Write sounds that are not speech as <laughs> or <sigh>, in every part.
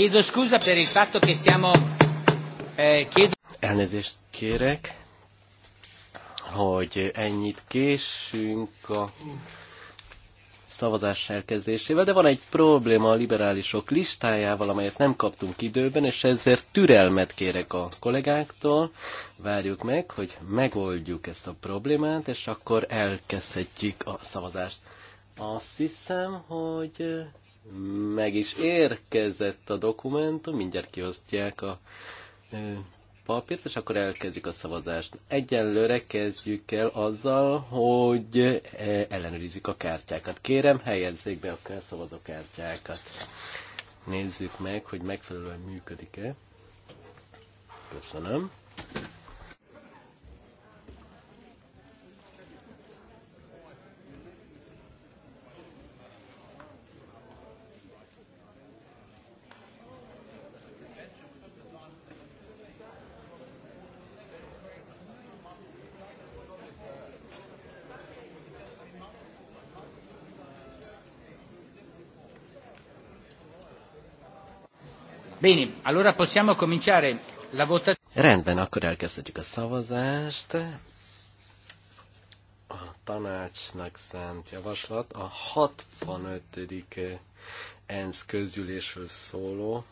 Chiedo scusa per il fatto che stiamo... Eh, chiedo... Elnézést kérek, hogy ennyit késünk a szavazás elkezdésével, de van egy probléma a liberálisok listájával, amelyet nem kaptunk időben, és ezért türelmet kérek a kollégáktól. Várjuk meg, hogy megoldjuk ezt a problémát, és akkor elkezdhetjük a szavazást. Azt hiszem, hogy meg is érkezett a dokumentum, mindjárt kiosztják a papírt, és akkor elkezdjük a szavazást. Egyenlőre kezdjük el azzal, hogy ellenőrizzük a kártyákat. Kérem, helyezzék be a kártyákat. Nézzük meg, hogy megfelelően működik-e. Köszönöm. Bene, allora possiamo cominciare la votazione. Rendben, akkor elkezdhetjük a szavazást. A tanácsnak szánt javaslat a 65. ENSZ közgyűlésről szóló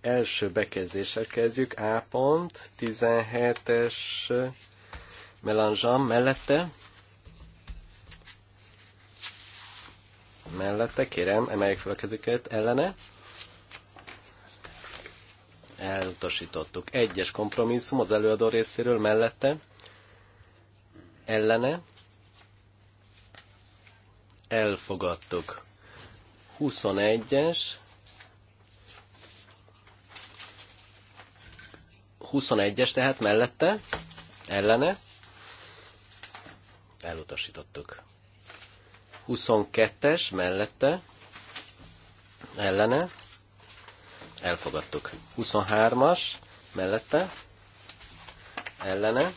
első bekezdéssel kezdjük. A pont, 17-es melanzsam mellette. Mellette, kérem, emeljük fel a kezüket ellene elutasítottuk. Egyes kompromisszum az előadó részéről mellette, ellene, elfogadtuk. 21-es, 21-es tehát mellette, ellene, elutasítottuk. 22-es mellette, ellene, Elfogadtuk. 23-as mellette, ellene,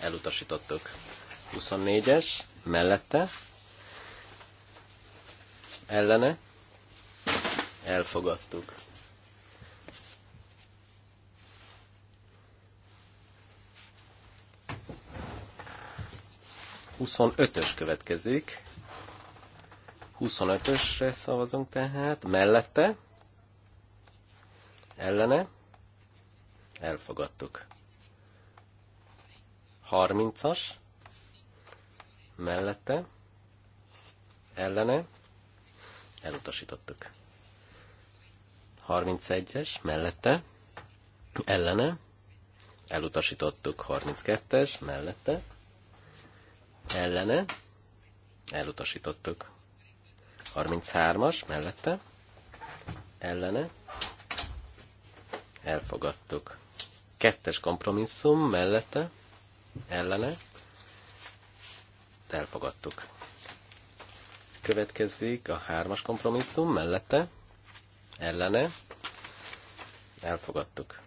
elutasítottuk. 24-es mellette, ellene, elfogadtuk. Huszonötös következik. 25-ösre szavazunk tehát, mellette, ellene, elfogadtuk. 30-as, mellette, ellene, elutasítottuk. 31-es, mellette, ellene, elutasítottuk. 32-es, mellette, ellene, elutasítottuk. 33-as, mellette, ellene, elfogadtuk. Kettes kompromisszum mellette, ellene, elfogadtuk. Következik a hármas kompromisszum mellette, ellene, elfogadtuk.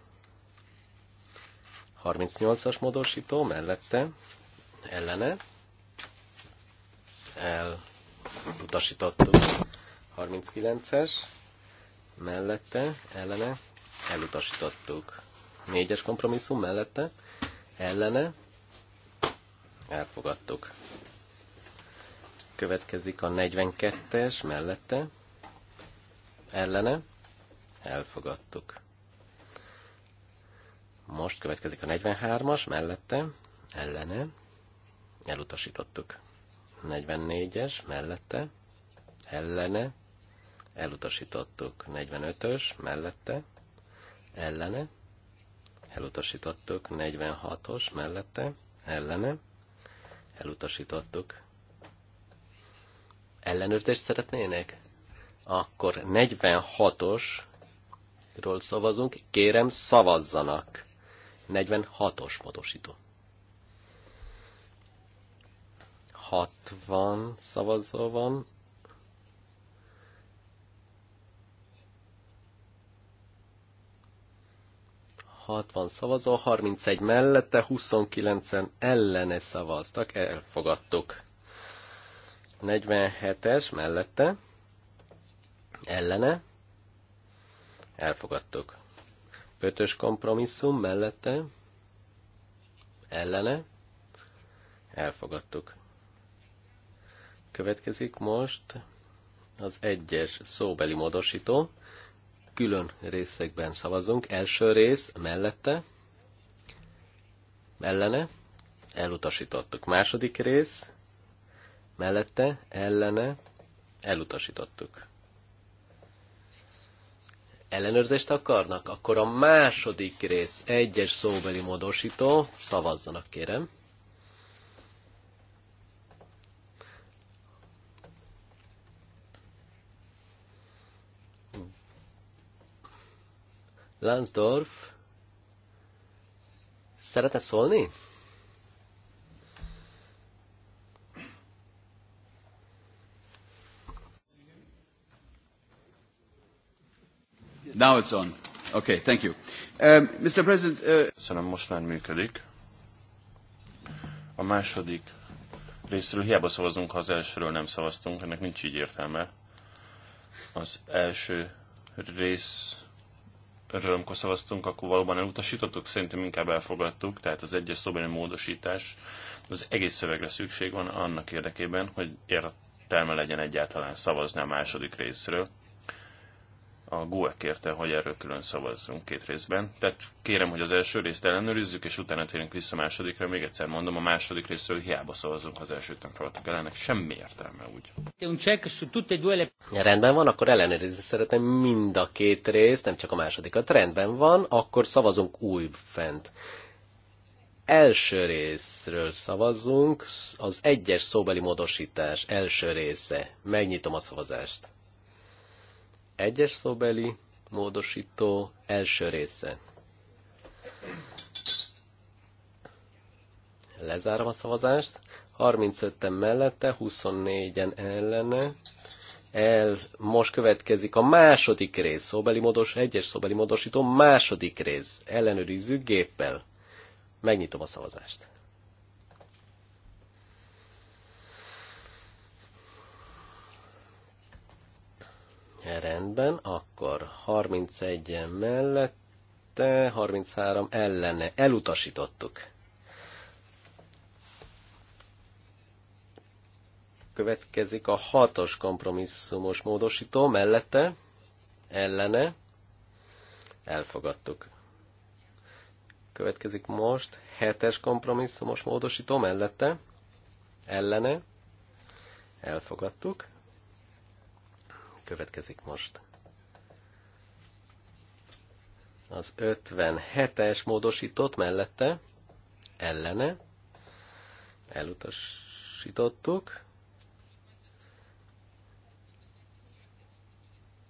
38-as módosító mellette, ellene, elutasítottuk. 39-es mellette, ellene, elutasítottuk. Négyes kompromisszum mellette, ellene, elfogadtuk. Következik a 42-es mellette, ellene, elfogadtuk. Most következik a 43-as mellette, ellene, elutasítottuk. 44-es mellette, ellene, elutasítottuk. 45-ös mellette, ellene, elutasítottuk 46-os mellette, ellene, elutasítottuk. Ellenőrzést szeretnének? Akkor 46-osról szavazunk, kérem szavazzanak. 46-os módosító. 60 szavazó van, 60 szavazó, 31 mellette, 29-en ellene szavaztak, elfogadtuk. 47-es mellette, ellene, elfogadtuk. 5-ös kompromisszum mellette, ellene, elfogadtuk. Következik most az egyes szóbeli módosító külön részekben szavazunk. Első rész mellette, ellene, elutasítottuk. Második rész mellette, ellene, elutasítottuk. Ellenőrzést akarnak? Akkor a második rész egyes szóbeli módosító, szavazzanak kérem. Lansdorf, szeretne szólni? Now it's on. Okay, thank you. Um, uh, Mr. President... Uh... Szerintem most már működik. A második részről hiába szavazunk, ha az elsőről nem szavaztunk, ennek nincs így értelme. Az első rész örömkor szavaztunk, akkor valóban elutasítottuk, szerintem inkább elfogadtuk, tehát az egyes szobani módosítás, az egész szövegre szükség van annak érdekében, hogy értelme legyen egyáltalán szavazni a második részről, a GUE kérte, hogy erről külön szavazzunk két részben. Tehát kérem, hogy az első részt ellenőrizzük, és utána térjünk vissza a másodikra. Még egyszer mondom, a második részről hiába szavazunk, az elsőt nem feladtuk el, ennek semmi értelme úgy. E ja, rendben van, akkor ellenőrizni szeretem mind a két részt, nem csak a másodikat. Rendben van, akkor szavazunk új fent. Első részről szavazzunk, az egyes szóbeli módosítás első része. Megnyitom a szavazást. Egyes szóbeli módosító első része. Lezárom a szavazást. 35-en mellette, 24-en ellene. El, most következik a második rész, szóbeli módos, egyes szóbeli módosító második rész. Ellenőrizzük géppel. Megnyitom a szavazást. Rendben, akkor 31 mellette, 33 ellene. Elutasítottuk. Következik a hatos kompromisszumos módosító mellette, ellene. Elfogadtuk. Következik most hetes kompromisszumos módosító mellette, ellene. Elfogadtuk következik most. Az 57-es módosított mellette, ellene, elutasítottuk.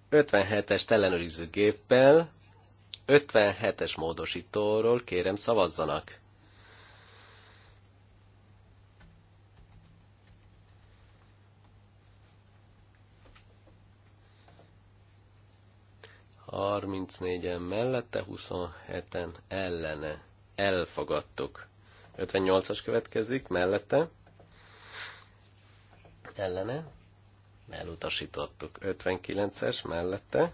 57 es ellenőrző géppel, 57-es módosítóról kérem szavazzanak. 34-en mellette, 27-en ellene. Elfogadtuk. 58-as következik, mellette. Ellene. Elutasítottuk. 59-es, mellette.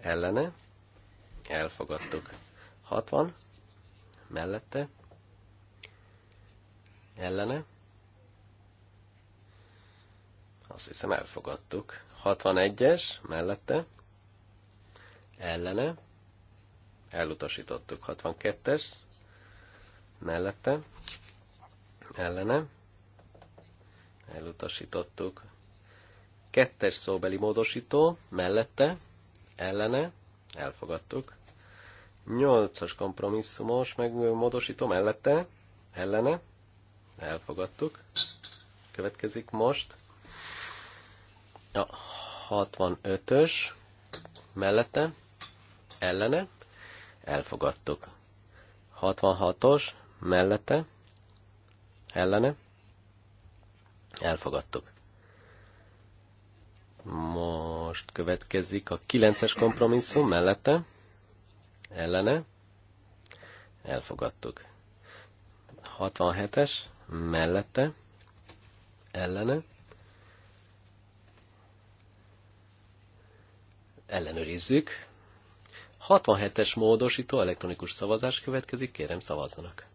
Ellene. Elfogadtuk. 60. Mellette. Ellene. Azt hiszem elfogadtuk. 61-es, mellette ellene, elutasítottuk 62-es, mellette, ellene, elutasítottuk. Kettes szóbeli módosító, mellette, ellene, elfogadtuk. Nyolcas kompromisszumos megmódosító, mellette, ellene, elfogadtuk. Következik most a 65-ös, mellette, ellene, elfogadtuk. 66-os mellette, ellene, elfogadtuk. Most következik a 9-es kompromisszum mellette, ellene, elfogadtuk. 67-es mellette, ellene, ellenőrizzük. 67-es módosító elektronikus szavazás következik, kérem szavazzanak.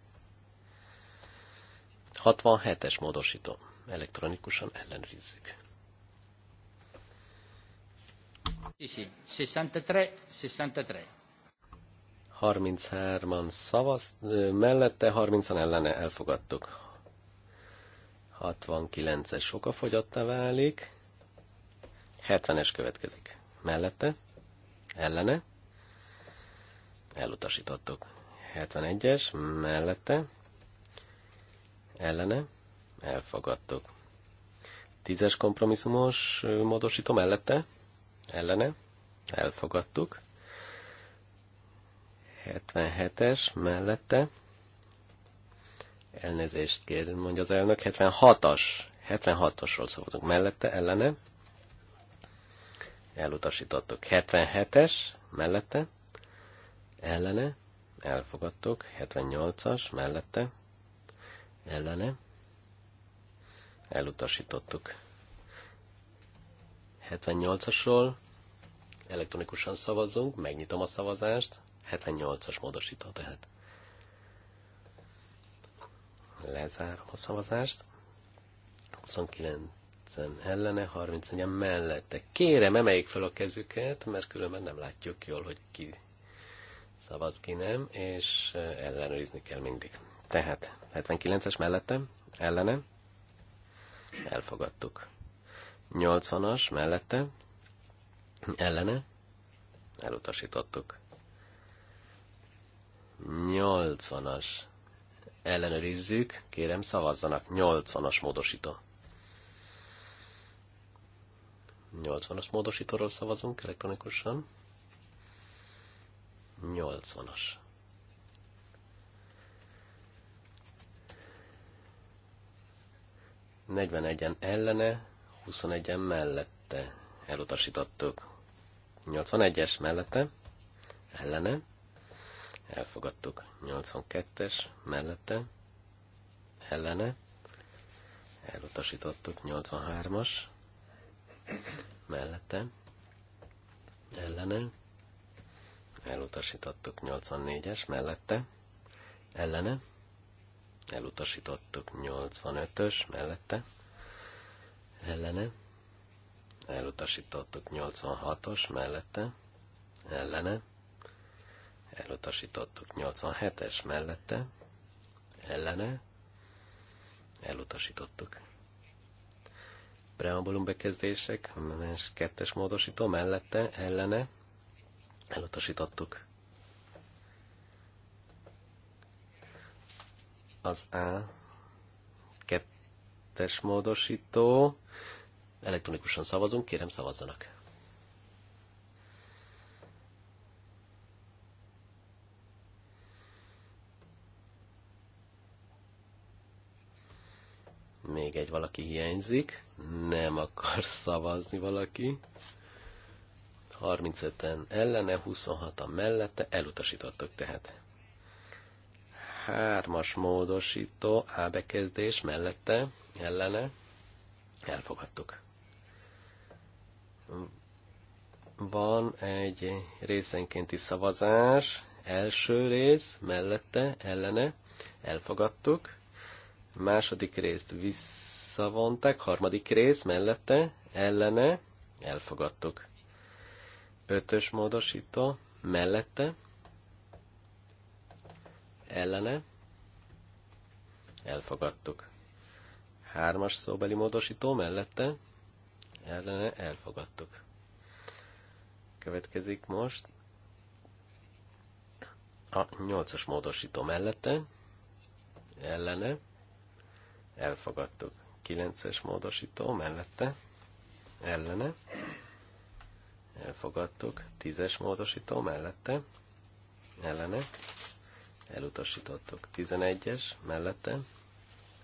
67-es módosító. Elektronikusan ellenőrizzük. 33-an szavaz, mellette 30-an ellene elfogadtuk. 69-es soka fogyatta válik. 70-es következik. Mellette, ellene, elutasítottuk. 71-es mellette, ellene, elfogadtuk. 10-es kompromisszumos módosító mellette, ellene, elfogadtuk. 77-es mellette, elnézést kér, mondja az elnök, 76-as, 76-osról szavazunk mellette, ellene, elutasítottuk. 77-es mellette, ellene, elfogadtok, 78-as, mellette, ellene, elutasítottuk. 78-asról elektronikusan szavazzunk, megnyitom a szavazást, 78-as módosító tehát. Lezárom a szavazást. 29 ellene, 31 mellette. Kérem, emeljék fel a kezüket, mert különben nem látjuk jól, hogy ki szavaz ki nem, és ellenőrizni kell mindig. Tehát 79-es mellettem, ellene, elfogadtuk. 80-as mellette, ellene, elutasítottuk. 80-as, ellenőrizzük, kérem szavazzanak, 80-as módosító. 80-as módosítóról szavazunk elektronikusan. 80-as. Negyvenegyen ellene, 21-en mellette elutasítottuk. 81-es mellette, ellene, elfogadtuk. 82-es mellette, ellene, elutasítottuk. 83-as mellette, ellene, elutasítottuk 84-es mellette, ellene, elutasítottuk 85-ös mellette, ellene, elutasítottuk 86-os mellette, ellene, elutasítottuk 87-es mellette, ellene, elutasítottuk. Preambulum bekezdések, a kettes módosító mellette, ellene, Elutasítottuk. Az A kettes módosító. Elektronikusan szavazunk, kérem szavazzanak. Még egy valaki hiányzik. Nem akar <laughs> szavazni valaki. 35-en ellene, 26-an mellette, elutasítottuk tehát. Hármas módosító, A bekezdés mellette, ellene, elfogadtuk. Van egy részenkénti szavazás, első rész, mellette, ellene, elfogadtuk. Második részt visszavonták, harmadik rész, mellette, ellene, elfogadtuk. Ötös módosító mellette, ellene, elfogadtuk. Hármas szóbeli módosító mellette, ellene, elfogadtuk. Következik most a nyolcas módosító mellette, ellene, elfogadtuk. Kilences módosító mellette, ellene, elfogadtuk. Tízes módosító mellette, ellene, elutasítottuk. Tizenegyes mellette,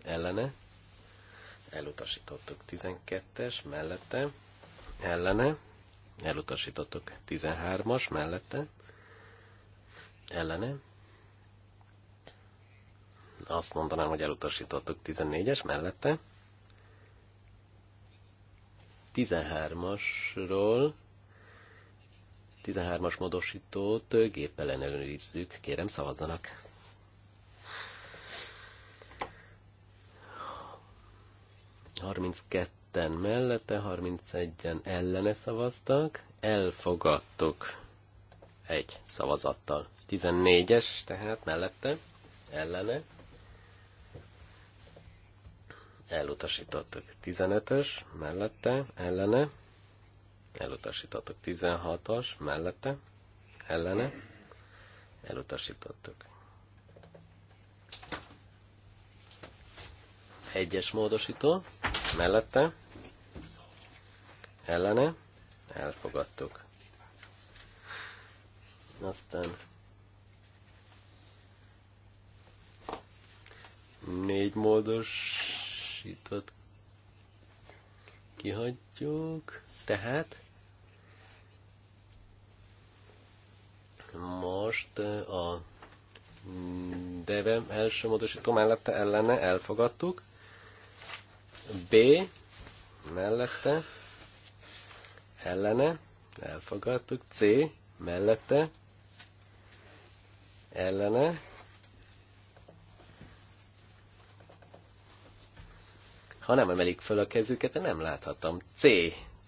ellene, elutasítottuk. Tizenkettes mellette, ellene, elutasítottuk. Tizenhármas mellette, ellene, azt mondanám, hogy elutasítottuk 14-es mellette. 13-asról 13-as módosítót géppel ellenőrizzük. Kérem, szavazzanak! Harminckettőn mellette, 31-en ellene szavaztak. Elfogadtuk egy szavazattal. 14-es tehát mellette, ellene. Elutasítottuk. 15-ös mellette, ellene elutasítottuk. 16-as mellette, ellene, elutasítottuk. Egyes módosító, mellette, ellene, elfogadtuk. Aztán négy módosított kihagyjuk, tehát most a deve első módosító mellette ellene elfogadtuk. B mellette ellene elfogadtuk. C mellette ellene Ha nem emelik föl a kezüket, nem láthatom. C.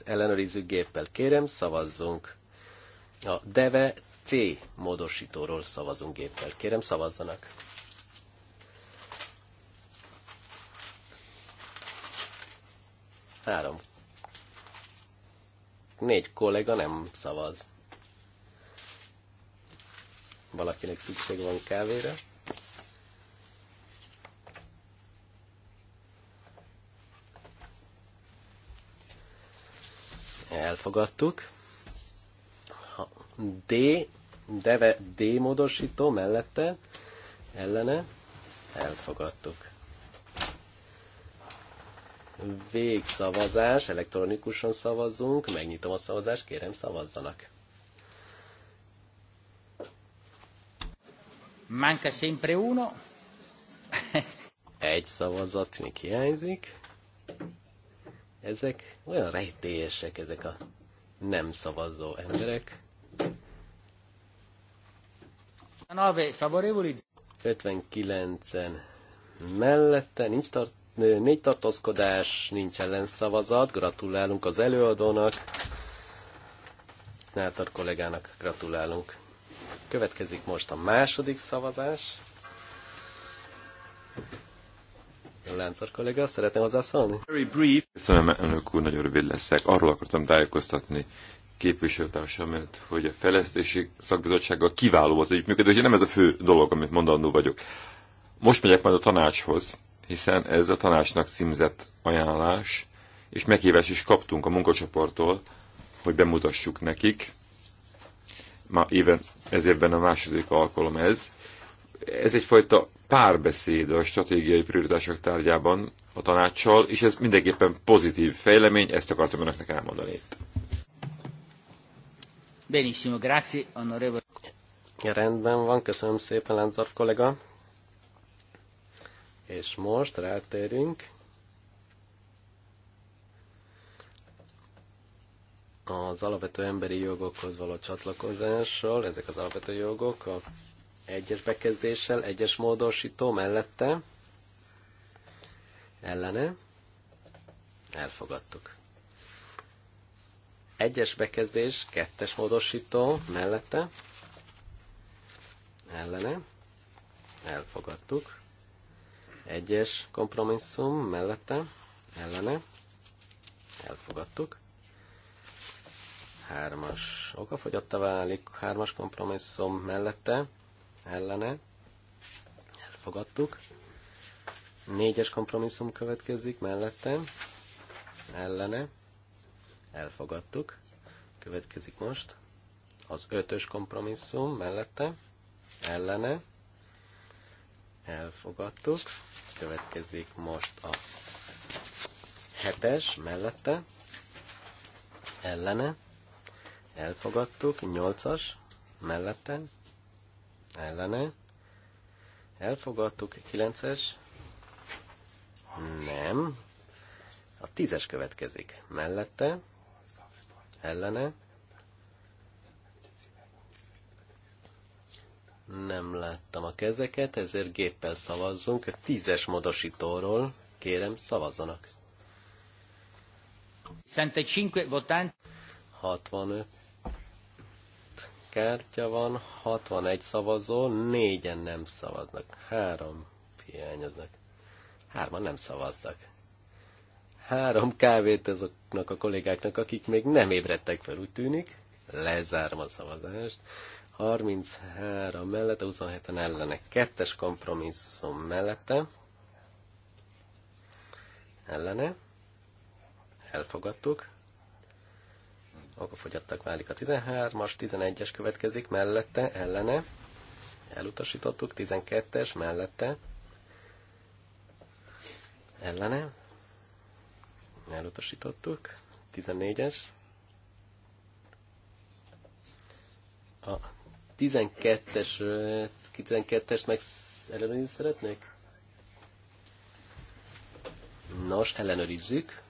Ellenőrizzük géppel. Kérem, szavazzunk. A DEVE C módosítóról szavazunk géppel. Kérem, szavazzanak! Három. Négy kollega nem szavaz. Valakinek szükség van kávére? Elfogadtuk. D, deve, D módosító mellette, ellene, elfogadtuk. Végszavazás, elektronikusan szavazzunk, megnyitom a szavazást, kérem szavazzanak. Manca sempre uno. <laughs> Egy szavazat még hiányzik. Ezek olyan rejtélyesek, ezek a nem szavazó emberek. 59-en mellette, nincs tart, négy tartózkodás, nincs ellenszavazat, gratulálunk az előadónak, Nátor kollégának gratulálunk. Következik most a második szavazás. Láncor kolléga, szeretném hozzászólni? Köszönöm, elnök úr, nagyon rövid leszek. Arról akartam tájékoztatni képviselőtársamat, hogy a fejlesztési szakbizottsággal kiváló az együttműködés, hogy nem ez a fő dolog, amit mondandó vagyok. Most megyek majd a tanácshoz, hiszen ez a tanácsnak címzett ajánlás, és meghívást is kaptunk a munkacsoporttól, hogy bemutassuk nekik. Ma éven, ez évben a második alkalom ez. Ez egyfajta párbeszéd a stratégiai prioritások tárgyában a tanácssal, és ez mindenképpen pozitív fejlemény, ezt akartam önöknek elmondani itt. Benissimo, grazie, onorevole. Rendben van, köszönöm szépen, Lánzarf kollega. És most rátérünk az alapvető emberi jogokhoz való csatlakozással, ezek az alapvető jogok a egyes bekezdéssel, egyes módosító mellette, ellene, elfogadtuk. Egyes bekezdés, kettes módosító mellette, ellene, elfogadtuk. Egyes kompromisszum mellette, ellene, elfogadtuk. Hármas okafogyatta válik, hármas kompromisszum mellette, ellene, elfogadtuk. Négyes kompromisszum következik mellette, ellene, elfogadtuk. Következik most az ötös kompromisszum mellette, ellene, elfogadtuk. Következik most a hetes mellette, ellene, elfogadtuk. Nyolcas mellette, ellene, elfogadtuk. Kilences, nem, a tízes következik mellette, ellene. Nem láttam a kezeket, ezért géppel szavazzunk. A tízes modosítóról kérem szavazzanak. 65 votant. 65 kártya van, 61 szavazó, négyen nem szavaznak, három hiányoznak, hárman nem szavaznak. Három kávét azoknak a kollégáknak, akik még nem ébredtek fel, úgy tűnik. Lezárom a szavazást. 33 mellett, 27-en ellene, kettes kompromisszum mellette, ellene, elfogadtuk, fogyattak válik a 13-as, 11-es következik, mellette, ellene, elutasítottuk, 12-es, mellette, ellene, elutasítottuk. 14-es. A 12-es, 12-es meg ellenőrizni szeretnék? Nos, ellenőrizzük.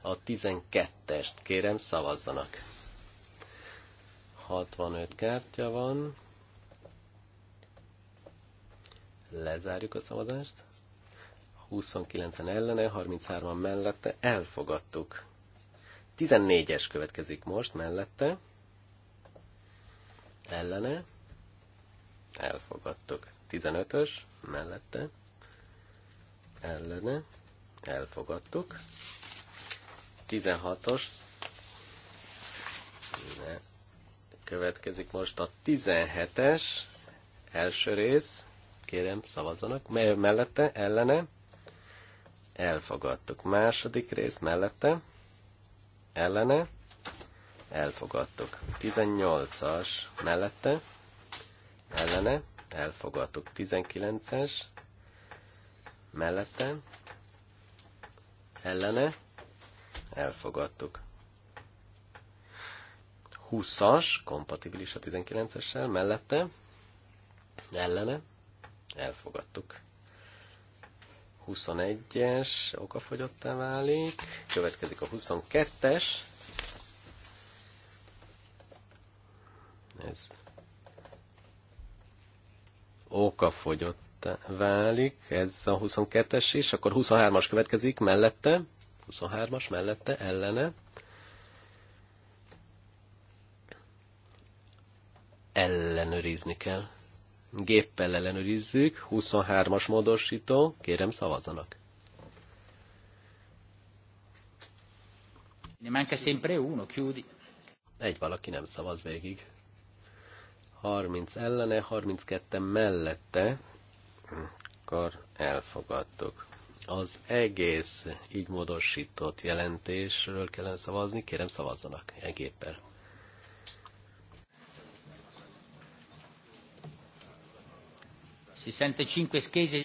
A 12-est kérem szavazzanak. 65 kártya van. Lezárjuk a szavazást. 29-en ellene, 33-an mellette, elfogadtuk. 14-es következik most mellette, ellene, elfogadtuk. 15-ös mellette, ellene, elfogadtuk. 16-os, következik most a 17-es, első rész, kérem szavazzanak, mellette, ellene, elfogadtuk. Második rész mellette, ellene, elfogadtuk. 18-as mellette, ellene, elfogadtuk. 19-es mellette, ellene, elfogadtuk. 20-as, kompatibilis a 19-essel, mellette, ellene, elfogadtuk. 21-es okafogyottá válik, következik a 22-es, ez okafogyottá válik, ez a 22-es is, akkor 23-as következik mellette, 23-as mellette, ellene, ellenőrizni kell. Géppel ellenőrizzük, 23-as módosító, kérem szavazzanak. Ne manca sempre uno, chiudi. Egy valaki nem szavaz végig. 30 ellene, 32 mellette, akkor elfogadtuk. Az egész így módosított jelentésről kellene szavazni, kérem szavazzanak egéppel. 65 schese.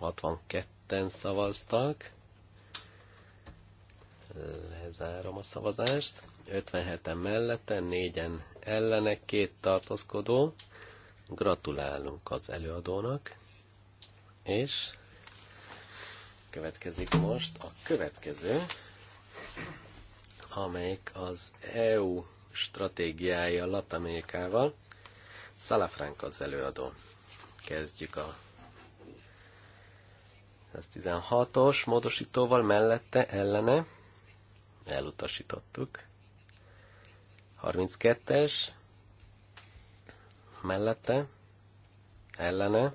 62-en szavaztak. Lezárom a szavazást. 57-en mellette, 4-en ellene, két tartózkodó. Gratulálunk az előadónak. És következik most a következő, amelyik az EU stratégiája Latamékával. Szalafránk az előadó. Kezdjük a ez 16-os módosítóval mellette, ellene. Elutasítottuk. 32-es mellette, ellene.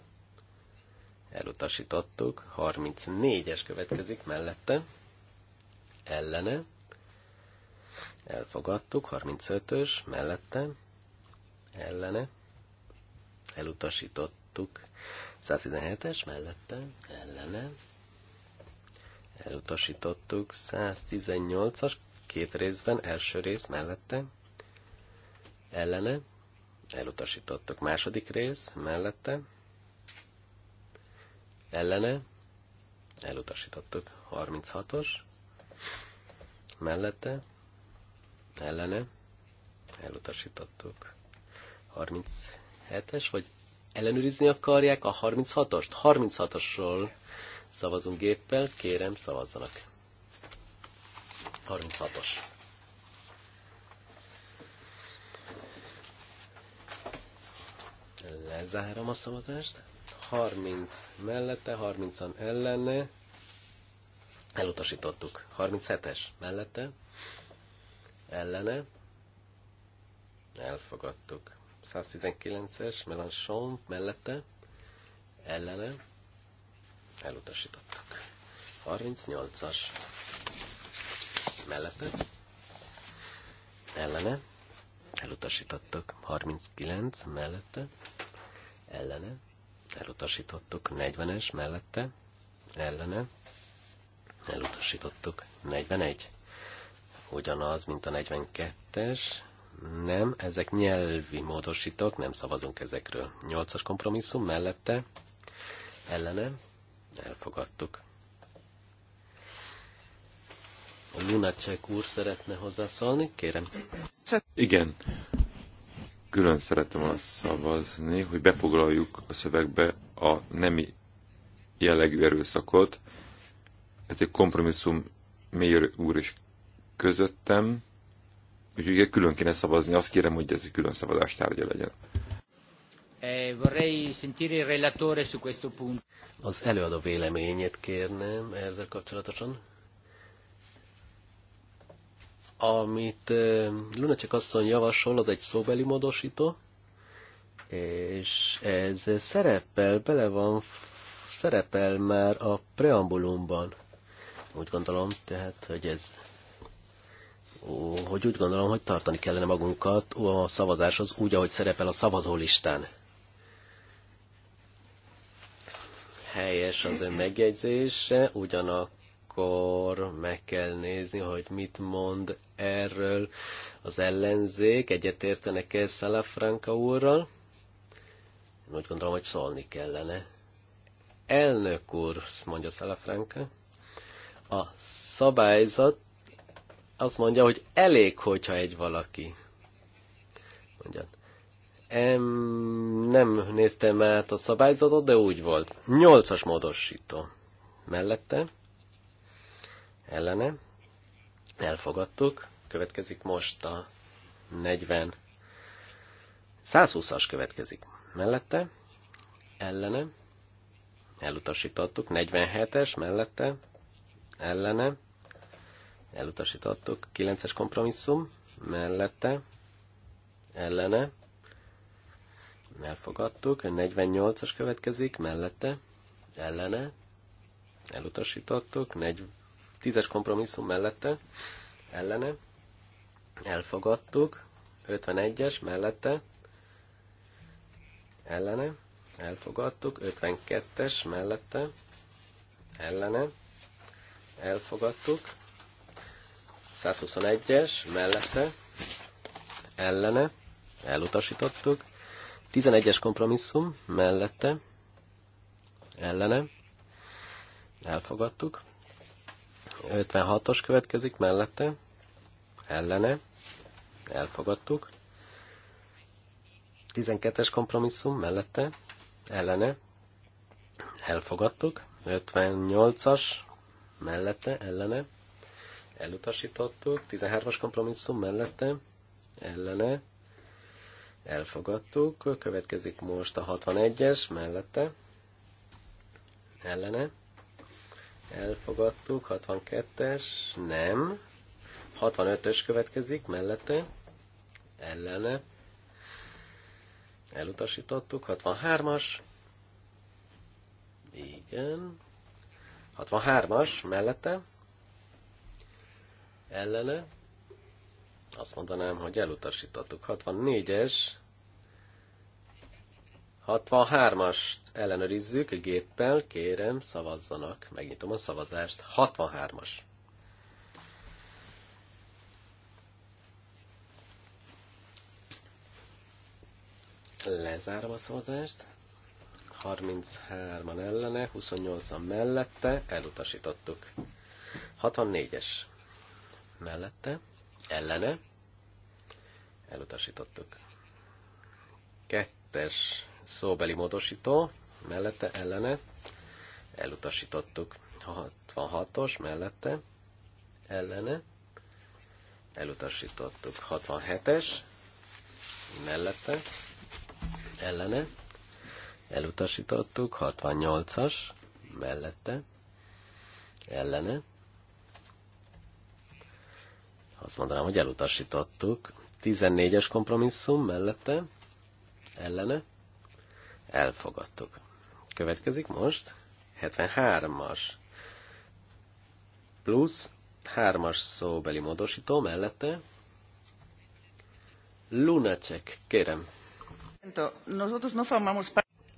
Elutasítottuk. 34-es következik mellette, ellene. Elfogadtuk. 35-ös mellette, ellene elutasítottuk. 117-es mellette, ellene, elutasítottuk. 118-as, két részben, első rész mellette, ellene, elutasítottuk. Második rész mellette, ellene, elutasítottuk. 36-os, mellette, ellene, elutasítottuk. 37 7-es vagy ellenőrizni akarják a 36-ost? 36-osról szavazunk géppel, kérem szavazzanak. 36-os. Lezárom a szavazást. 30 mellette, 30-an ellene. Elutasítottuk. 37-es mellette. Ellene. Elfogadtuk. 119-es Melanchon mellette ellene elutasítottak. 38-as mellette ellene elutasítottak. 39 mellette ellene elutasítottuk. 40-es mellette ellene elutasítottuk. 41 ugyanaz, mint a 42-es, nem, ezek nyelvi módosítók, nem szavazunk ezekről. Nyolcas kompromisszum mellette, ellene, elfogadtuk. A Lunacek úr szeretne hozzászólni, kérem. Igen, külön szeretem azt szavazni, hogy befoglaljuk a szövegbe a nemi jellegű erőszakot. Ez egy kompromisszum mélyr úr is közöttem, Úgyhogy külön kéne szavazni, azt kérem, hogy ez egy külön szavazás tárgya legyen. Eh, az előadó véleményét kérném ezzel kapcsolatosan. Amit eh, Lunacek asszony javasol, az egy szóbeli módosító, és ez szerepel, bele van, szerepel már a preambulumban. Úgy gondolom, tehát, hogy ez hogy úgy gondolom, hogy tartani kellene magunkat a szavazáshoz úgy, ahogy szerepel a szavazólistán. Helyes az ön megjegyzése, ugyanakkor meg kell nézni, hogy mit mond erről az ellenzék. Egyetértenek ez Salafranca úrral? Én úgy gondolom, hogy szólni kellene. Elnök úr, mondja Salafranca, a szabályzat azt mondja, hogy elég, hogyha egy valaki. Mondja. Em, nem néztem át a szabályzatot, de úgy volt. Nyolcas módosító. Mellette. Ellene. Elfogadtuk. Következik most a 40. 120-as következik. Mellette. Ellene. Elutasítottuk. 47-es mellette. Ellene elutasítottuk. 9-es kompromisszum, mellette, ellene, elfogadtuk. 48-as következik, mellette, ellene, elutasítottuk. 10-es kompromisszum mellette, ellene, elfogadtuk. 51-es mellette, ellene, elfogadtuk. 52-es mellette, ellene, elfogadtuk. 121-es mellette, ellene, elutasítottuk. 11-es kompromisszum mellette, ellene, elfogadtuk. 56-os következik mellette, ellene, elfogadtuk. 12-es kompromisszum mellette, ellene, elfogadtuk. 58-as mellette, ellene, elutasítottuk, 13-as kompromisszum mellette, ellene, elfogadtuk, következik most a 61-es mellette, ellene, elfogadtuk, 62-es, nem, 65-ös következik mellette, ellene, elutasítottuk, 63-as, igen, 63-as mellette, ellene. Azt mondanám, hogy elutasítottuk. 64-es, 63 as ellenőrizzük géppel, kérem, szavazzanak. Megnyitom a szavazást. 63-as. Lezárom a szavazást. 33-an ellene, 28-an mellette, elutasítottuk. 64-es mellette, ellene, elutasítottuk. Kettes szóbeli módosító, mellette, ellene, elutasítottuk. 66-os mellette, ellene, elutasítottuk. 67-es, mellette, ellene, elutasítottuk. 68-as, mellette, ellene, azt mondanám, hogy elutasítottuk. 14-es kompromisszum mellette, ellene, elfogadtuk. Következik most 73-as plusz 3-as szóbeli módosító mellette. Lunacek, kérem.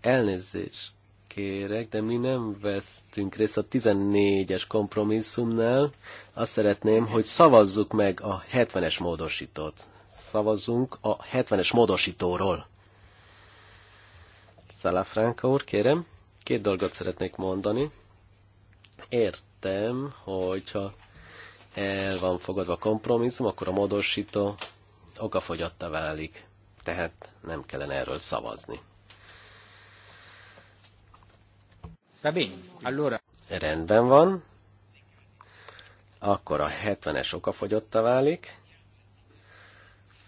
Elnézést kérek, de mi nem vesztünk részt a 14-es kompromisszumnál. Azt szeretném, hogy szavazzuk meg a 70-es módosítót. Szavazzunk a 70-es módosítóról. Franka úr, kérem, két dolgot szeretnék mondani. Értem, hogyha el van fogadva a kompromisszum, akkor a módosító okafogyatta válik. Tehát nem kellene erről szavazni. Rendben van. Akkor a 70-es okafogyottá válik.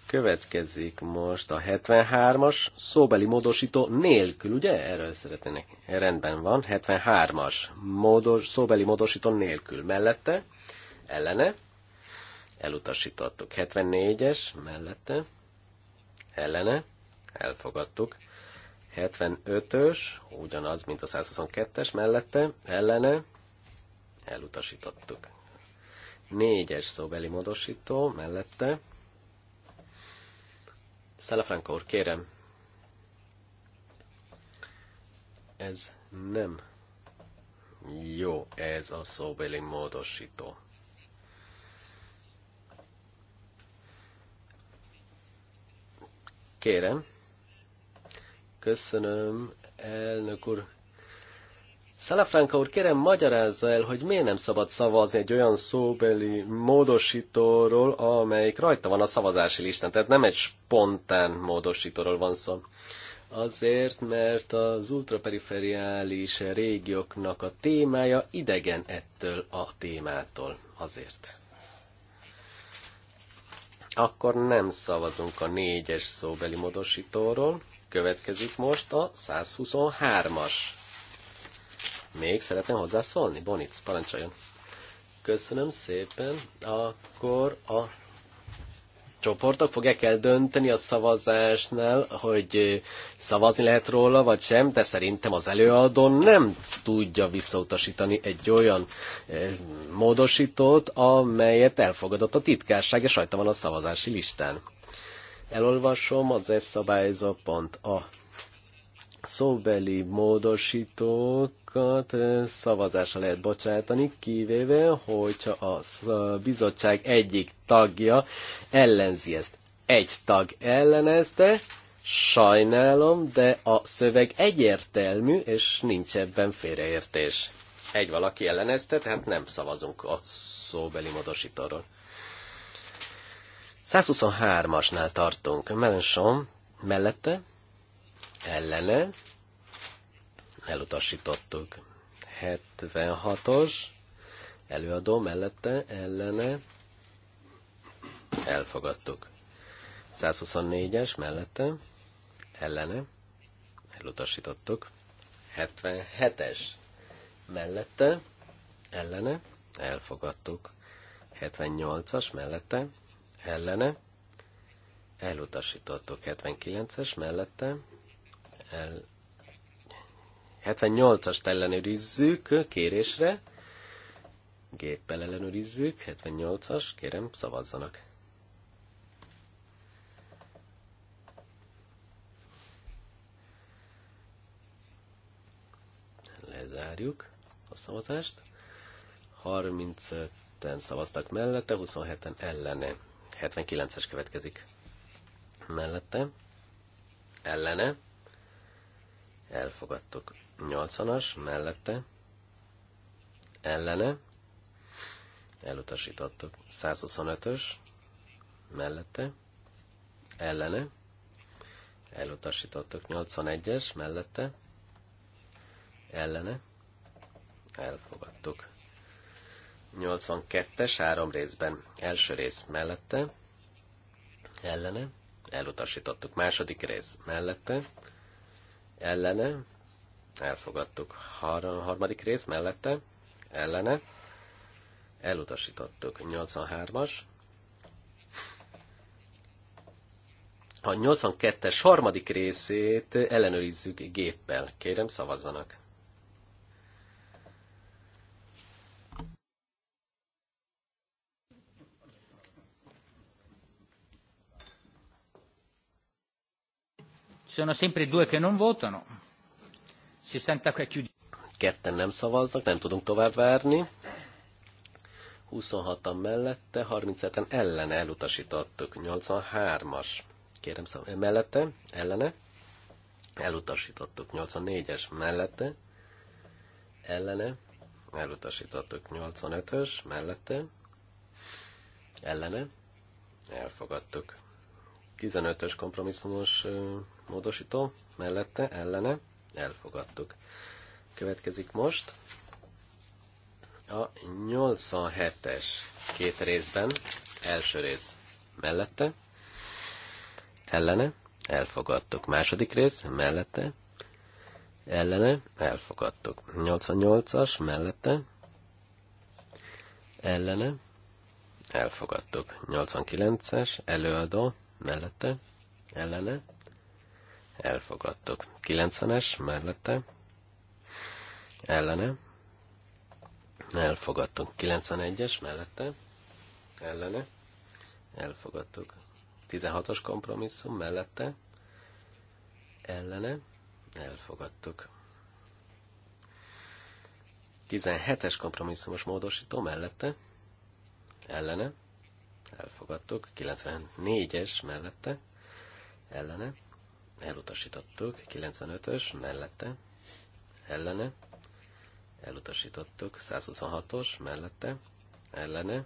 Következik most a 73-as, szóbeli módosító nélkül, ugye? Erről szeretnének. Rendben van. 73-as, módos, szóbeli módosító nélkül. Mellette, ellene, elutasítottuk. 74-es, mellette, ellene, elfogadtuk. 75-ös, ugyanaz, mint a 122-es mellette, ellene, elutasítottuk. 4-es szóbeli módosító mellette. Szelefranka úr, kérem, ez nem jó, ez a szóbeli módosító. Kérem, Köszönöm, elnök úr. Szalafránka úr, kérem magyarázza el, hogy miért nem szabad szavazni egy olyan szóbeli módosítóról, amelyik rajta van a szavazási listán. Tehát nem egy spontán módosítóról van szó. Azért, mert az ultraperiferiális régióknak a témája idegen ettől a témától. Azért. Akkor nem szavazunk a négyes szóbeli módosítóról Következik most a 123-as. Még szeretném hozzászólni? Bonic, parancsoljon. Köszönöm szépen. Akkor a csoportok fogják el dönteni a szavazásnál, hogy szavazni lehet róla, vagy sem, de szerintem az előadó nem tudja visszautasítani egy olyan eh, módosítót, amelyet elfogadott a titkárság, és rajta van a szavazási listán. Elolvasom az ez szabályzópont a szóbeli módosítókat eh, szavazásra lehet bocsátani, kivéve, hogyha a bizottság egyik tagja ellenzi ezt. Egy tag ellenezte, sajnálom, de a szöveg egyértelmű, és nincs ebben félreértés. Egy valaki ellenezte, tehát nem szavazunk a szóbeli módosítóról. 123-asnál tartunk. Melenson mellette, ellene, elutasítottuk. 76-os, előadó mellette, ellene, elfogadtuk. 124-es mellette, ellene, elutasítottuk. 77-es mellette, ellene, elfogadtuk. 78-as mellette, ellene, elutasítottuk 79-es mellette, el, 78-ast ellenőrizzük kérésre, géppel ellenőrizzük, 78-as, kérem szavazzanak. Lezárjuk a szavazást. 35-en szavaztak mellette, 27-en ellene. 79-es következik. Mellette. Ellene. Elfogadtuk. 80-as. Mellette. Ellene. Elutasítottuk. 125-ös. Mellette. Ellene. Elutasítottuk. 81-es. Mellette. Ellene. Elfogadtuk. 82-es három részben. Első rész mellette, ellene, elutasítottuk. Második rész mellette, ellene, elfogadtuk. Har harmadik rész mellette, ellene, elutasítottuk. 83-as. A 82-es harmadik részét ellenőrizzük géppel. Kérem, szavazzanak. sono sempre due che non votano. chiudi. Ketten nem szavaznak, nem tudunk tovább várni. 26-an mellette, 37-en ellen elutasítottuk. 83-as. Kérem szám, mellette, ellene. Elutasítottuk. 84-es mellette, ellene. Elutasítottuk. 85-ös mellette, ellene. Elfogadtuk. 15-ös kompromisszumos módosító mellette ellene elfogadtuk. Következik most a 87-es két részben első rész mellette ellene elfogadtuk. Második rész mellette ellene elfogadtuk. 88-as mellette ellene elfogadtuk. 89-es előadó mellette ellene elfogadtok. 90-es mellette, ellene, elfogadtok. 91-es mellette, ellene, elfogadtok. 16-os kompromisszum mellette, ellene, elfogadtok. 17-es kompromisszumos módosító mellette, ellene, elfogadtuk. 94-es mellette, ellene, elutasítottuk, 95-ös mellette, ellene, elutasítottuk, 126-os mellette, ellene,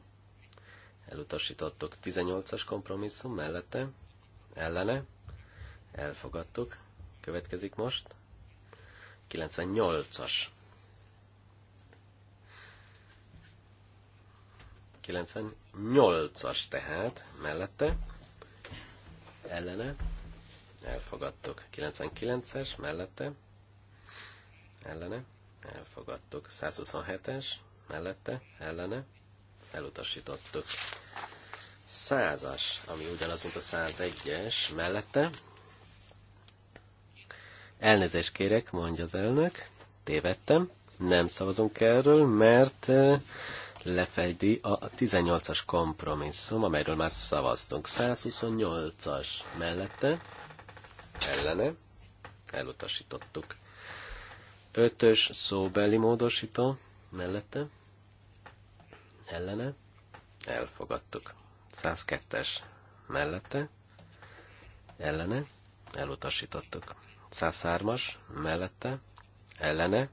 elutasítottuk, 18-as kompromisszum mellette, ellene, elfogadtuk, következik most, 98-as. 98-as tehát mellette, ellene, elfogadtok. 99-es mellette, ellene, elfogadtok. 127-es mellette, ellene, elutasítottuk. 100-as, ami ugyanaz, mint a 101-es, mellette. Elnézést kérek, mondja az elnök, tévedtem. Nem szavazunk erről, mert lefedi a 18-as kompromisszum, amelyről már szavaztunk. 128-as mellette, ellene, elutasítottuk. Ötös szóbeli módosító mellette, ellene, elfogadtuk. 102-es mellette, ellene, elutasítottuk. 103-as mellette, ellene,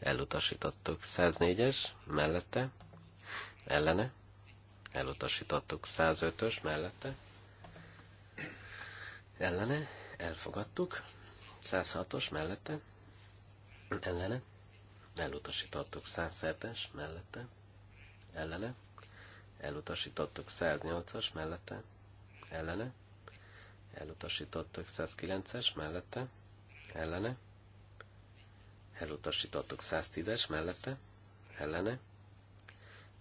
elutasítottuk. 104-es mellette, ellene, elutasítottuk. 105-ös mellette, ellene, elfogadtuk. 106-os mellette, ellene, elutasítottuk 107-es mellette, ellene, elutasítottuk 108-as mellette, ellene, elutasítottuk 109-es mellette, ellene, elutasítottuk 110-es mellette, ellene,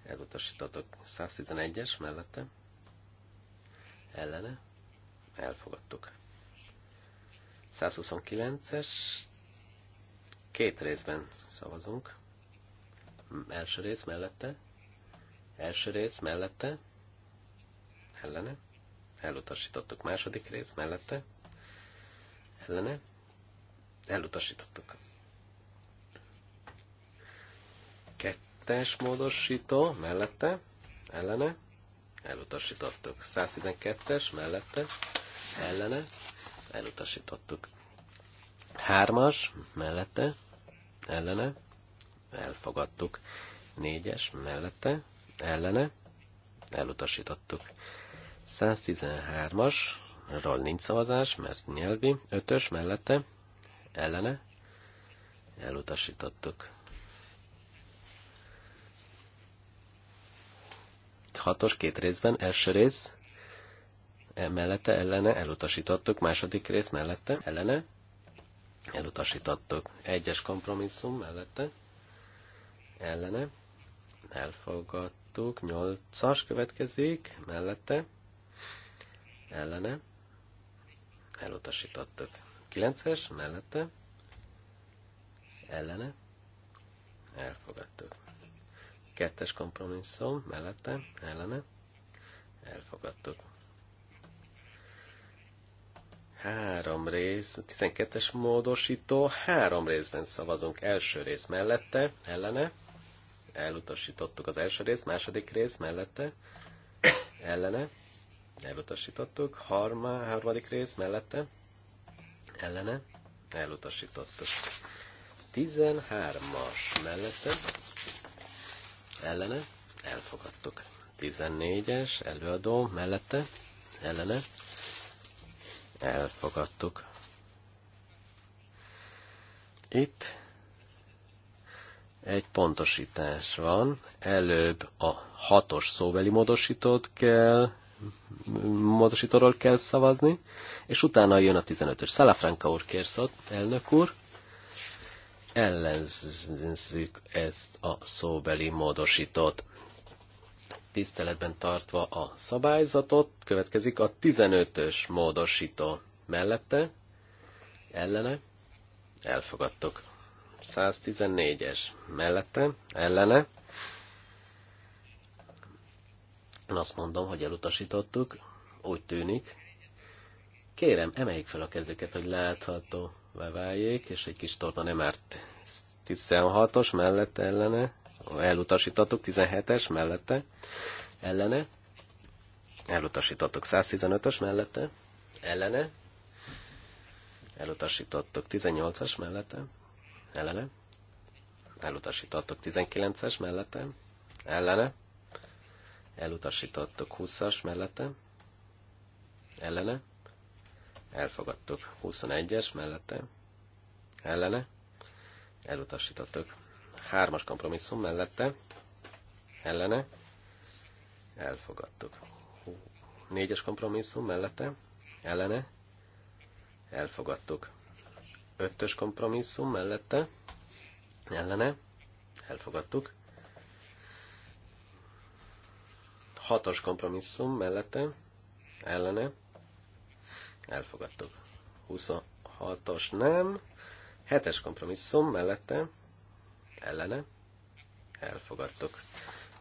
elutasítottuk 111-es mellette, ellene, elfogadtuk. 129-es, két részben szavazunk. Első rész mellette, első rész mellette, ellene, elutasítottuk. Második rész mellette, ellene, elutasítottuk. Kettes módosító mellette, ellene, elutasítottuk. 112-es mellette, ellene, elutasítottuk. Hármas, mellette, ellene, elfogadtuk. Négyes, mellette, ellene, elutasítottuk. 113-as, ról nincs szavazás, mert nyelvi, ötös, mellette, ellene, elutasítottuk. Hatos, két részben, első rész, E, mellette ellene elutasítottuk, második rész mellette ellene elutasítottuk, egyes kompromisszum mellette ellene elfogadtuk, nyolcas következik mellette ellene elutasítottuk, kilences mellette ellene elfogadtuk. Kettes kompromisszum mellette ellene elfogadtuk. Három rész, 12-es módosító, három részben szavazunk. Első rész mellette, ellene. Elutasítottuk az első rész, második rész mellette, ellene. Elutasítottuk. Harma, harmadik rész mellette, ellene. Elutasítottuk. 13-as mellette, ellene. Elfogadtuk. 14-es előadó mellette, ellene elfogadtuk. Itt egy pontosítás van. Előbb a hatos szóbeli módosítót kell, módosítóról kell szavazni, és utána jön a 15-ös. Szalafranka úr kérszott, elnök úr ellenzzük ezt a szóbeli módosítót tiszteletben tartva a szabályzatot, következik a 15-ös módosító mellette, ellene, elfogadtok. 114-es mellette, ellene. Én azt mondom, hogy elutasítottuk, úgy tűnik. Kérem, emeljék fel a kezüket, hogy látható váljék, és egy kis torna nem árt. 16-os mellette ellene, elutasítatok, 17-es mellette, ellene, elutasítatok 115-ös mellette, ellene, elutasítatok 18-as mellette, ellene, elutasítatok 19-es mellette, ellene, elutasítottuk 20-as mellette, ellene, elfogadtok 21-es mellette, ellene, elutasítottuk Hármas kompromisszum mellette, ellene, elfogadtuk. Négyes kompromisszum mellette, ellene, elfogadtuk. Ötös kompromisszum mellette, ellene, elfogadtuk. Hatos kompromisszum mellette, ellene, elfogadtuk. 26-os nem, 7-es kompromisszum mellette, ellene, elfogadtok.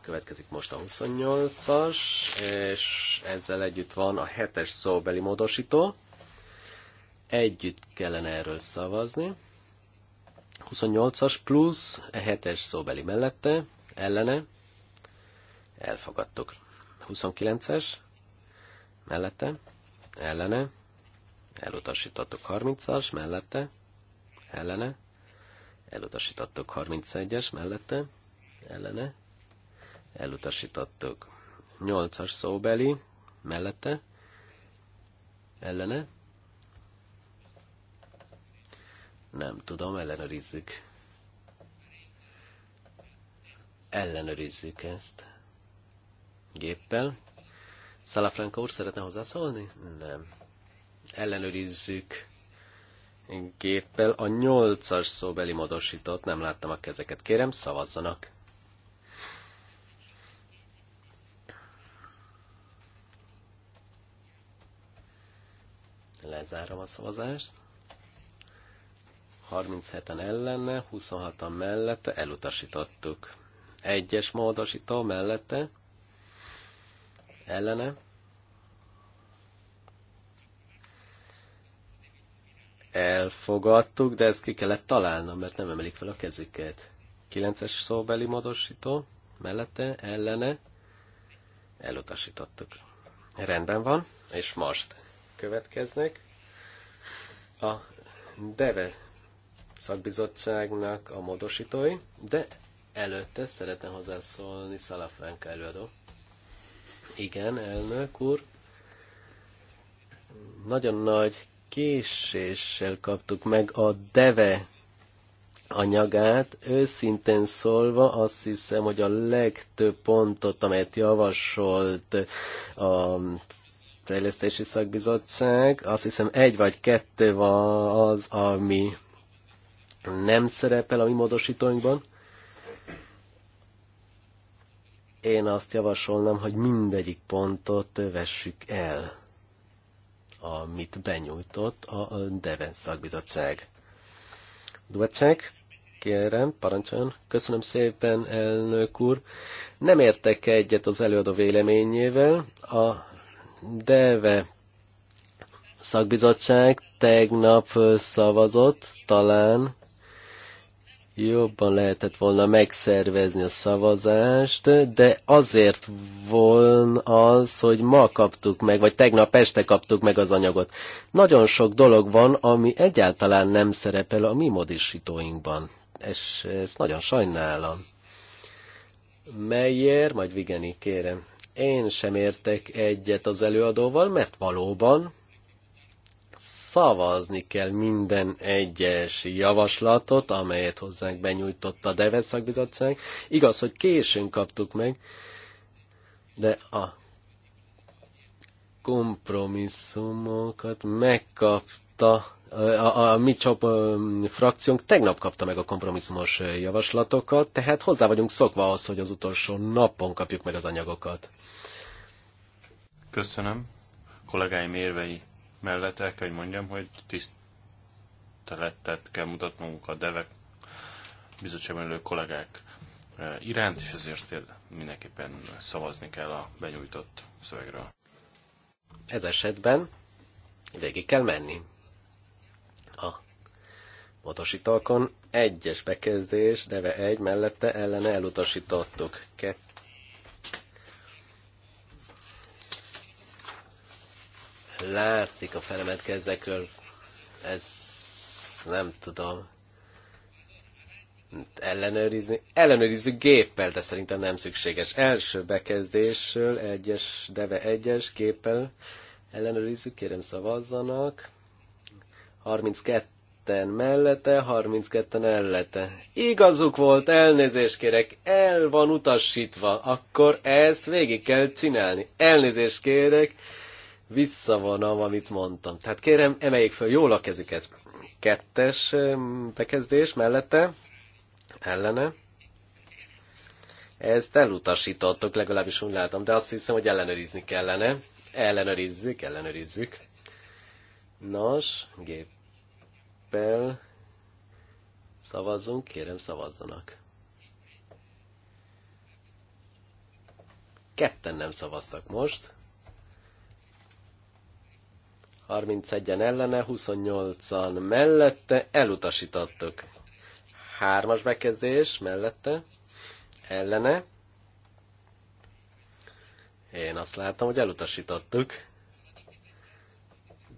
Következik most a 28-as, és ezzel együtt van a 7-es szóbeli módosító. Együtt kellene erről szavazni. 28-as plusz, a e 7-es szóbeli mellette, ellene, Elfogadtok. 29-es, mellette, ellene, elutasítottuk. 30-as, mellette, ellene, elutasítottuk. 31-es mellette, ellene, elutasítottuk. 8-as szóbeli, mellette, ellene, nem tudom, ellenőrizzük. Ellenőrizzük ezt. Géppel. Szalafranka úr szeretne hozzászólni? Nem. Ellenőrizzük géppel. A nyolcas szóbeli modosított nem láttam a kezeket. Kérem, szavazzanak! Lezárom a szavazást. 37-en ellenne, 26-an mellette, elutasítottuk. Egyes módosító mellette, ellene, elfogadtuk, de ezt ki kellett találnom, mert nem emelik fel a kezüket. 9-es szóbeli módosító, mellette, ellene, elutasítottuk. Rendben van, és most következnek a DEVE szakbizottságnak a módosítói, de előtte szeretem hozzászólni Szalafránk előadó. Igen, elnök úr. Nagyon nagy késéssel kaptuk meg a deve anyagát. Őszintén szólva azt hiszem, hogy a legtöbb pontot, amelyet javasolt a Fejlesztési Szakbizottság, azt hiszem egy vagy kettő van az, ami nem szerepel a mi módosítóinkban. Én azt javasolnám, hogy mindegyik pontot vessük el amit benyújtott a Deven szakbizottság. Duecsek, kérem, parancsoljon. Köszönöm szépen, elnök úr. Nem értek egyet az előadó véleményével. A Deve szakbizottság tegnap szavazott, talán jobban lehetett volna megszervezni a szavazást, de azért volna az, hogy ma kaptuk meg, vagy tegnap este kaptuk meg az anyagot. Nagyon sok dolog van, ami egyáltalán nem szerepel a mi modisítóinkban. És ez nagyon sajnálom. Meyer, majd Vigeni, kérem. Én sem értek egyet az előadóval, mert valóban szavazni kell minden egyes javaslatot, amelyet hozzánk benyújtott a Deves szakbizottság. Igaz, hogy későn kaptuk meg, de a kompromisszumokat megkapta a, a, a mi csop, a, frakciónk tegnap kapta meg a kompromisszumos javaslatokat, tehát hozzá vagyunk szokva az, hogy az utolsó napon kapjuk meg az anyagokat. Köszönöm. Kollégáim érvei mellett el kell, hogy mondjam, hogy tisztelettet kell mutatnunk a devek bizottságban élő kollégák eh, iránt, és ezért mindenképpen szavazni kell a benyújtott szövegről. Ez esetben végig kell menni. A módosítókon egyes bekezdés, neve egy, mellette ellene elutasítottuk. Kettő látszik a felemet kezekről. Ez nem tudom ellenőrizni. Ellenőrizzük géppel, de szerintem nem szükséges. Első bekezdésről, egyes, deve egyes géppel ellenőrizzük, kérem szavazzanak. 32-en mellette, 32-en ellete. Igazuk volt, elnézést kérek, el van utasítva, akkor ezt végig kell csinálni. Elnézést kérek, visszavonom, amit mondtam. Tehát kérem, emeljék fel jól a kezüket. Kettes bekezdés mellette, ellene. Ezt elutasítottok, legalábbis úgy látom, de azt hiszem, hogy ellenőrizni kellene. Ellenőrizzük, ellenőrizzük. Nos, géppel szavazzunk, kérem szavazzanak. Ketten nem szavaztak most. 31-en ellene, 28-an mellette, elutasítottuk. Hármas bekezdés mellette, ellene. Én azt látom, hogy elutasítottuk.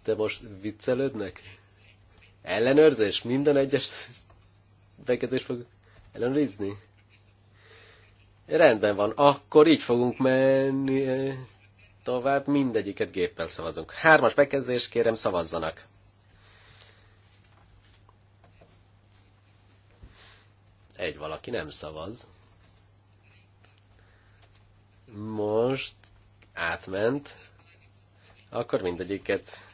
De most viccelődnek? Ellenőrzés? Minden egyes bekezdés fog ellenőrizni? Rendben van, akkor így fogunk menni, eh, tovább, mindegyiket géppel szavazunk. Hármas bekezdés, kérem szavazzanak. Egy valaki nem szavaz. Most átment. Akkor mindegyiket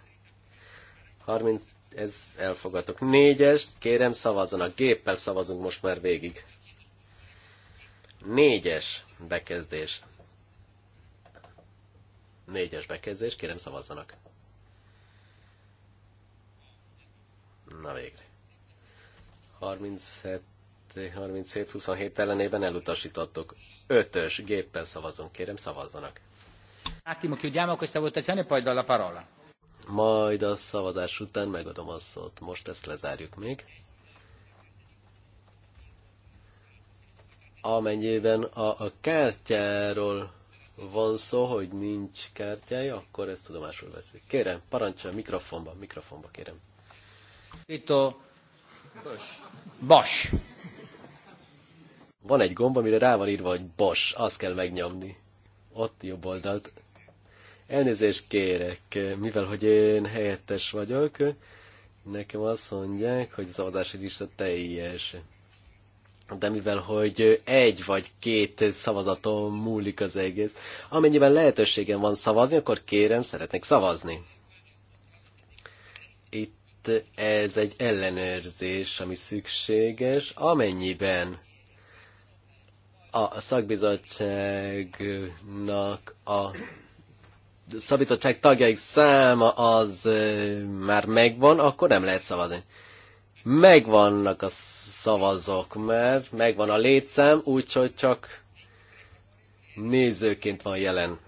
30, ez elfogadok. Négyes, kérem szavazzanak. Géppel szavazunk most már végig. Négyes bekezdés. Négyes bekezdés, kérem szavazzanak. Na végre. 37, 37, 27 ellenében elutasítottuk. Ötös géppel szavazunk, kérem szavazzanak. Attimo, chiudiamo questa votazione, e poi do la parola. Majd a szavazás után megadom a szót. Most ezt lezárjuk még. Amennyiben a, a kártyáról van szó, hogy nincs kártyája, akkor ezt tudomásul veszik. Kérem, parancsolj mikrofonba, mikrofonba kérem. Itt a... Bos. Bos. Van egy gomb, amire rá van írva, hogy Bos, azt kell megnyomni. Ott jobb oldalt. Elnézést kérek, mivel hogy én helyettes vagyok, nekem azt mondják, hogy az adási lista teljes de mivel hogy egy vagy két szavazaton múlik az egész, amennyiben lehetőségem van szavazni, akkor kérem, szeretnék szavazni. Itt ez egy ellenőrzés, ami szükséges, amennyiben a szakbizottságnak a szabizottság tagjaik száma az már megvan, akkor nem lehet szavazni megvannak a szavazók, mert megvan a létszám, úgyhogy csak nézőként van jelen.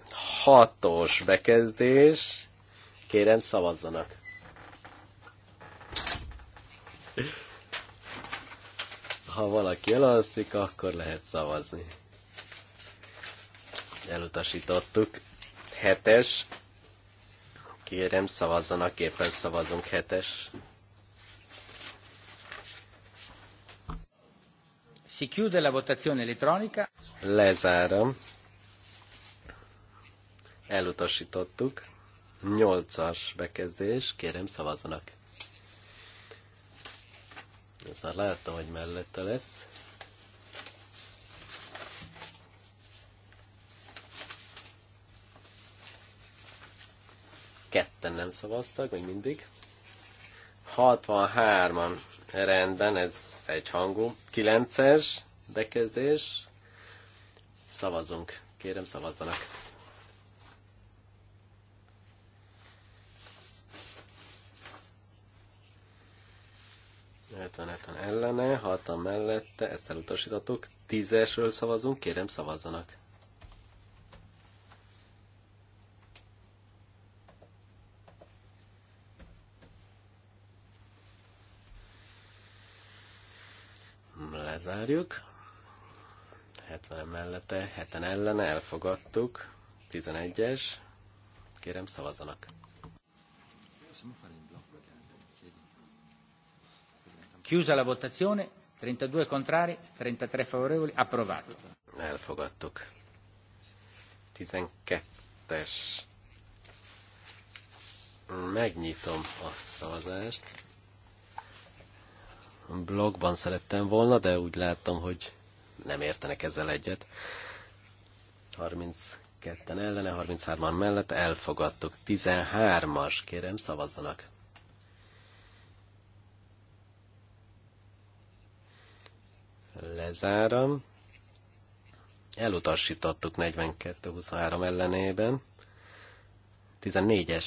Hatos bekezdés. Kérem, szavazzanak. Ha valaki elalszik, akkor lehet szavazni. Elutasítottuk. Hetes. Kérem, szavazzanak, éppen szavazunk hetes. Si chiude la votazione elettronica. Lezárom. Elutasítottuk. Nyolcas bekezdés, kérem szavazzanak. Ez már láttam, hogy mellette lesz. Ketten nem szavaztak, még mindig. 63-an. Rendben, ez egyhangú. 9 kilences bekezdés. Szavazzunk. Kérem, szavazzanak. Ötveneten ellene, hatan mellette, ezt elutasítottuk. Tízesről szavazunk, kérem szavazzanak. lezárjuk. 70 mellette, 7 ellene elfogadtuk. 11-es. Kérem szavazanak. Chiusa la votazione, 32 contrari, 33 favorevoli, approvato. Elfogadtuk. 12-es. Megnyitom a szavazást blogban szerettem volna, de úgy láttam, hogy nem értenek ezzel egyet. 32-en ellene, 33-an mellett elfogadtuk. 13-as, kérem, szavazzanak. Lezárom. Elutasítottuk 42-23 ellenében. 14-es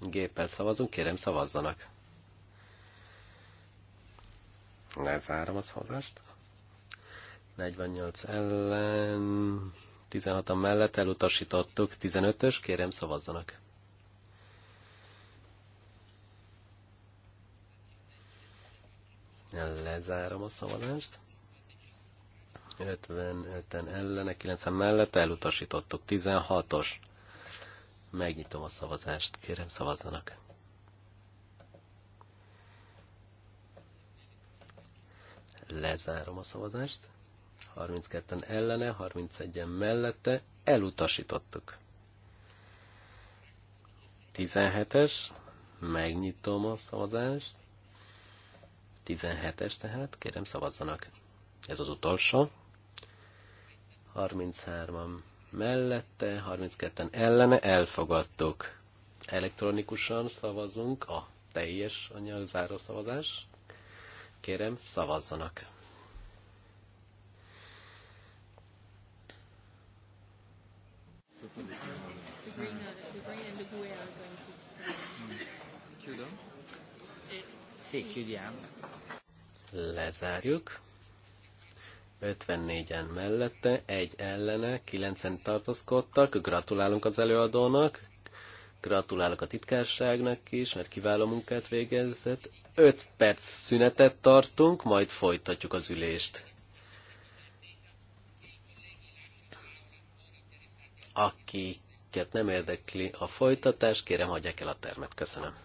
géppel szavazunk, kérem szavazzanak. Lezárom a szavazást. 48 ellen, 16 a mellett elutasítottuk, 15-ös, kérem szavazzanak. Lezárom a szavazást. 55-en ellene, 90 mellett elutasítottuk, 16-os. Megnyitom a szavazást, kérem szavazzanak. Lezárom a szavazást. 32-en ellene, 31-en mellette. Elutasítottuk. 17-es. Megnyitom a szavazást. 17-es tehát, kérem szavazzanak. Ez az utolsó. 33-an mellette, 32-en ellene, elfogadtuk. Elektronikusan szavazunk a teljes anyag záró szavazás. Kérem, szavazzanak! Lezárjuk. 54-en mellette, egy ellene, 9-en tartózkodtak. Gratulálunk az előadónak, gratulálok a titkárságnak is, mert kiváló munkát végezett. 5 perc szünetet tartunk, majd folytatjuk az ülést. Akiket nem érdekli a folytatás, kérem hagyják el a termet. Köszönöm.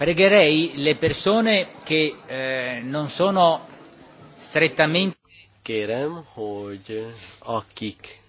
Pregherei le persone che eh, non sono strettamente... Kérem, hogy akik